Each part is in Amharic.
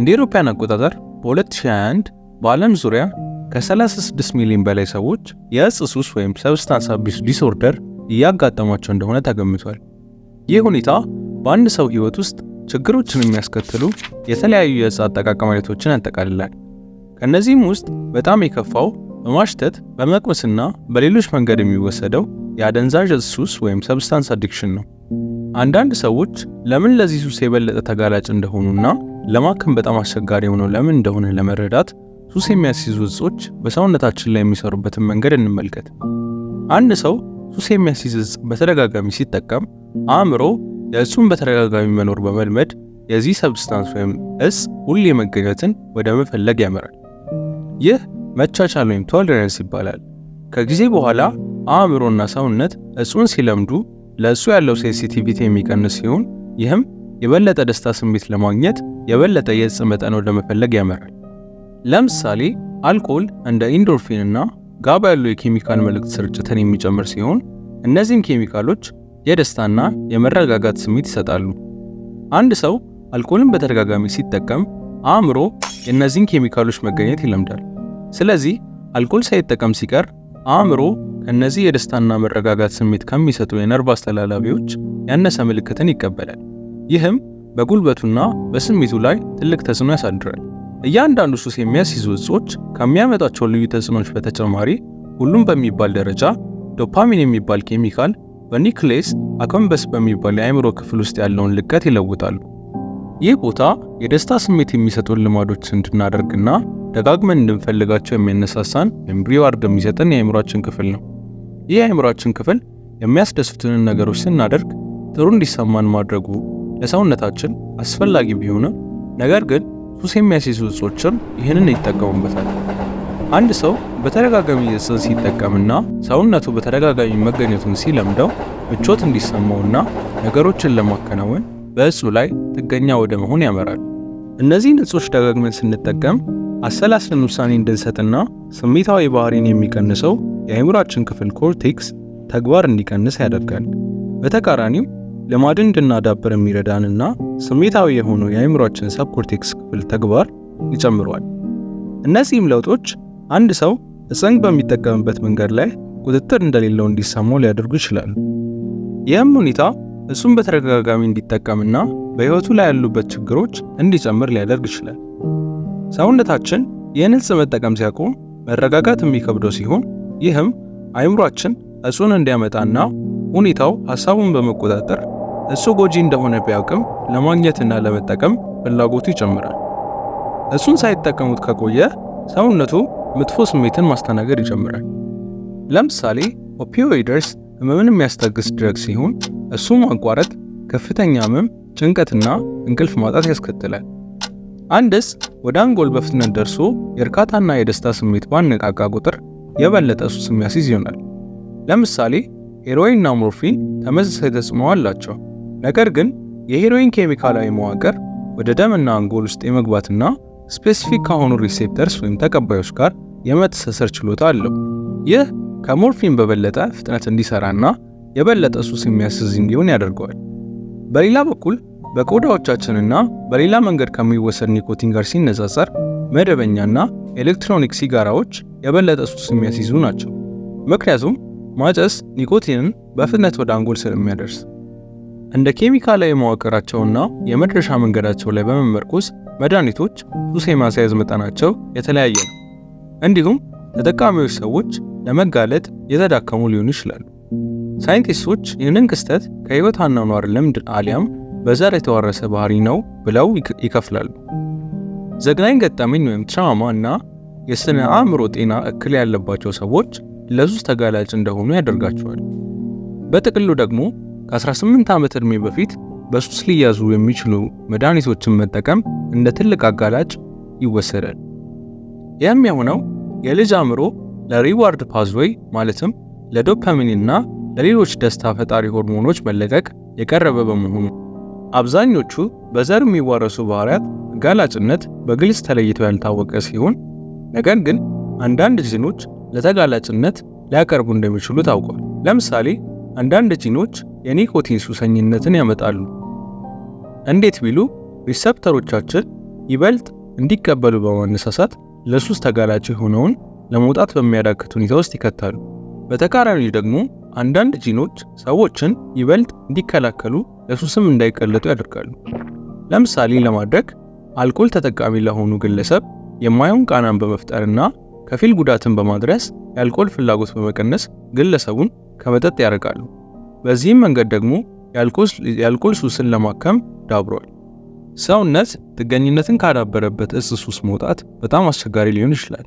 እንደ ኢሮፓያን አቆጣጠር በ2021 በዓለም ዙሪያ ከ36 ሚሊዮን በላይ ሰዎች የእጽ ሱስ ወይም ሰብስታንስ አቢስ ዲስኦርደር እያጋጠሟቸው እንደሆነ ተገምቷል። ይህ ሁኔታ በአንድ ሰው ሕይወት ውስጥ ችግሮችን የሚያስከትሉ የተለያዩ የእጽ አጠቃቀም አይነቶችን ያጠቃልላል። ከእነዚህም ውስጥ በጣም የከፋው በማሽተት በመቅመስና በሌሎች መንገድ የሚወሰደው የአደንዛዥ እጽ ሱስ ወይም ሰብስታንስ አዲክሽን ነው። አንዳንድ ሰዎች ለምን ለዚህ ሱስ የበለጠ ተጋላጭ እንደሆኑና ለማከም በጣም አስቸጋሪ የሆነው ለምን እንደሆነ ለመረዳት ሱስ የሚያስይዙ እጾች በሰውነታችን ላይ የሚሰሩበትን መንገድ እንመልከት። አንድ ሰው ሱስ የሚያስይዝ እጽ በተደጋጋሚ ሲጠቀም አእምሮ የእጹን በተደጋጋሚ መኖር በመልመድ የዚህ ሰብስታንስ ወይም እጽ ሁሌ መገኘትን ወደ መፈለግ ያመራል። ይህ መቻቻል ወይም ቶለረንስ ይባላል። ከጊዜ በኋላ አእምሮና ሰውነት እጹን ሲለምዱ ለእሱ ያለው ሴንሲቲቪቲ የሚቀንስ ሲሆን ይህም የበለጠ ደስታ ስሜት ለማግኘት የበለጠ የእጽ መጠን ወደ መፈለግ ያመራል። ለምሳሌ አልኮል እንደ ኢንዶርፊን እና ጋባ ያሉ የኬሚካል መልእክት ስርጭትን የሚጨምር ሲሆን እነዚህም ኬሚካሎች የደስታና የመረጋጋት ስሜት ይሰጣሉ። አንድ ሰው አልኮልን በተደጋጋሚ ሲጠቀም አእምሮ የእነዚህን ኬሚካሎች መገኘት ይለምዳል። ስለዚህ አልኮል ሳይጠቀም ሲቀር አእምሮ ከእነዚህ የደስታና መረጋጋት ስሜት ከሚሰጡ የነርቭ አስተላላፊዎች ያነሰ ምልክትን ይቀበላል። ይህም በጉልበቱና በስሜቱ ላይ ትልቅ ተጽዕኖ ያሳድራል። እያንዳንዱ ሱስ የሚያስይዙ እጾች ከሚያመጣቸው ልዩ ተጽዕኖች በተጨማሪ ሁሉም በሚባል ደረጃ ዶፓሚን የሚባል ኬሚካል በኒክሌስ አከንበስ በሚባል የአእምሮ ክፍል ውስጥ ያለውን ልቀት ይለውጣሉ። ይህ ቦታ የደስታ ስሜት የሚሰጡን ልማዶች እንድናደርግና ደጋግመን እንድንፈልጋቸው የሚያነሳሳን ወይም ሪዋርድ የሚሰጠን የአእምሯችን ክፍል ነው። ይህ የአእምሯችን ክፍል የሚያስደስቱንን ነገሮች ስናደርግ ጥሩ እንዲሰማን ማድረጉ ለሰውነታችን አስፈላጊ ቢሆንም ነገር ግን ሱስ የሚያስይዙ እጾችን ይህንን ይጠቀሙበታል። አንድ ሰው በተደጋጋሚ እጽን ሲጠቀምና ሰውነቱ በተደጋጋሚ መገኘቱን ሲለምደው ምቾት እንዲሰማውና ነገሮችን ለማከናወን በእጹ ላይ ጥገኛ ወደ መሆን ያመራል። እነዚህን እጾች ደጋግመን ስንጠቀም አሰላስለን ውሳኔ እንድንሰጥና ስሜታዊ ባህሪን የሚቀንሰው የአእምሯችን ክፍል ኮርቴክስ ተግባር እንዲቀንስ ያደርጋል። በተቃራኒው ልማድን እንድናዳብር የሚረዳንና ስሜታዊ የሆኑ የአእምሯችን ሰብኮርቴክስ ክፍል ተግባር ይጨምሯል። እነዚህም ለውጦች አንድ ሰው እጽንግ በሚጠቀምበት መንገድ ላይ ቁጥጥር እንደሌለው እንዲሰማው ሊያደርጉ ይችላሉ። ይህም ሁኔታ እሱም በተደጋጋሚ እንዲጠቀምና በሕይወቱ ላይ ያሉበት ችግሮች እንዲጨምር ሊያደርግ ይችላል። ሰውነታችን ይህን እጽ መጠቀም ሲያቆም መረጋጋት የሚከብደው ሲሆን ይህም አእምሯችን እጹን እንዲያመጣና ሁኔታው ሐሳቡን በመቆጣጠር እሱ ጎጂ እንደሆነ ቢያውቅም ለማግኘትና ለመጠቀም ፍላጎቱ ይጨምራል። እሱን ሳይጠቀሙት ከቆየ ሰውነቱ መጥፎ ስሜትን ማስተናገድ ይጀምራል። ለምሳሌ ኦፒዮይደርስ ህመምን የሚያስታግስ ድረግ ሲሆን እሱ ማቋረጥ ከፍተኛ ህመም፣ ጭንቀትና እንቅልፍ ማጣት ያስከትላል። አንድስ ወደ አንጎል በፍጥነት ደርሶ የእርካታና የደስታ ስሜት ባነቃቃ ቁጥር የበለጠ ሱስ የሚያስይዝ ይሆናል። ለምሳሌ ሄሮይንና ሞርፊን ተመሳሳይ ተጽዕኖ አላቸው። ነገር ግን የሄሮይን ኬሚካላዊ መዋቅር ወደ ደምና አንጎል ውስጥ የመግባትና ስፔሲፊክ ከሆኑ ሪሴፕተርስ ወይም ተቀባዮች ጋር የመተሳሰር ችሎታ አለው። ይህ ከሞርፊን በበለጠ ፍጥነት እንዲሰራና የበለጠ ሱስ የሚያስዝ እንዲሆን ያደርገዋል። በሌላ በኩል በቆዳዎቻችንና በሌላ መንገድ ከሚወሰድ ኒኮቲን ጋር ሲነጻጸር መደበኛና ኤሌክትሮኒክ ሲጋራዎች የበለጠ ሱስ የሚያስይዙ ናቸው። ምክንያቱም ማጨስ ኒኮቲንን በፍጥነት ወደ አንጎል ስለሚያደርስ እንደ ኬሚካላዊ መዋቅራቸውና የመድረሻ መንገዳቸው ላይ በመመርኮስ መድኃኒቶች ሱስ የማስያዝ መጠናቸው የተለያየ ነው። እንዲሁም ተጠቃሚዎች ሰዎች ለመጋለጥ የተዳከሙ ሊሆኑ ይችላሉ። ሳይንቲስቶች ይህንን ክስተት ከህይወት አኗኗር ልምድ አሊያም በዘር የተዋረሰ ባህሪ ነው ብለው ይከፍላሉ። ዘግናኝ ገጠመኝ ወይም ትራማ እና የስነ አእምሮ ጤና እክል ያለባቸው ሰዎች ለሱስ ተጋላጭ እንደሆኑ ያደርጋቸዋል። በጥቅሉ ደግሞ ከ18 ዓመት ዕድሜ በፊት በሱስ ሊያዙ የሚችሉ መድኃኒቶችን መጠቀም እንደ ትልቅ አጋላጭ ይወሰዳል። ይህም የሆነው የልጅ አእምሮ ለሪዋርድ ፓዝዌይ ማለትም ለዶፓሚንና ለሌሎች ደስታ ፈጣሪ ሆርሞኖች መለቀቅ የቀረበ በመሆኑ አብዛኞቹ በዘር የሚዋረሱ ባህሪያት አጋላጭነት በግልጽ ተለይቶ ያልታወቀ ሲሆን፣ ነገር ግን አንዳንድ ጂኖች ለተጋላጭነት ሊያቀርቡ እንደሚችሉ ታውቋል። ለምሳሌ አንዳንድ ጂኖች የኒኮቲን ሱሰኝነትን ያመጣሉ። እንዴት ቢሉ ሪሰፕተሮቻችን ይበልጥ እንዲቀበሉ በማነሳሳት ለሱስ ተጋላጭ የሆነውን ለመውጣት በሚያዳክት ሁኔታ ውስጥ ይከታሉ። በተቃራኒው ደግሞ አንዳንድ ጂኖች ሰዎችን ይበልጥ እንዲከላከሉ ለሱስም እንዳይቀለጡ ያደርጋሉ። ለምሳሌ ለማድረግ አልኮል ተጠቃሚ ለሆኑ ግለሰብ የማይሆን ቃናን በመፍጠርና ከፊል ጉዳትን በማድረስ የአልኮል ፍላጎት በመቀነስ ግለሰቡን ከመጠጥ ያርቃሉ። በዚህም መንገድ ደግሞ የአልኮል ሱስን ለማከም ዳብሯል። ሰውነት ጥገኝነትን ካዳበረበት እጽ ሱስ መውጣት በጣም አስቸጋሪ ሊሆን ይችላል።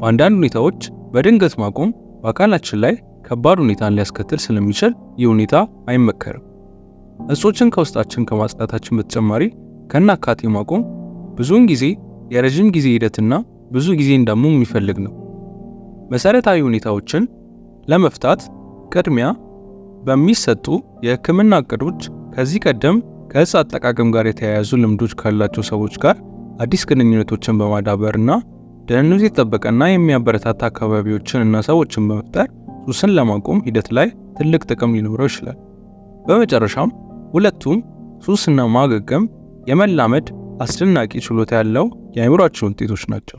በአንዳንድ ሁኔታዎች በድንገት ማቆም በአካላችን ላይ ከባድ ሁኔታን ሊያስከትል ስለሚችል ይህ ሁኔታ አይመከርም። እጾችን ከውስጣችን ከማጽዳታችን በተጨማሪ ከናካቴ ማቆም ብዙውን ጊዜ የረዥም ጊዜ ሂደትና ብዙ ጊዜን ደግሞ የሚፈልግ ነው። መሰረታዊ ሁኔታዎችን ለመፍታት ቅድሚያ በሚሰጡ የህክምና እቅዶች ከዚህ ቀደም ከእጽ አጠቃቀም ጋር የተያያዙ ልምዶች ካላቸው ሰዎች ጋር አዲስ ግንኙነቶችን በማዳበርና ደህንነቱ የተጠበቀና የሚያበረታታ አካባቢዎችን እና ሰዎችን በመፍጠር ሱስን ለማቆም ሂደት ላይ ትልቅ ጥቅም ሊኖረው ይችላል። በመጨረሻም ሁለቱም ሱስና ማገገም የመላመድ አስደናቂ ችሎታ ያለው የአእምሯችን ውጤቶች ናቸው።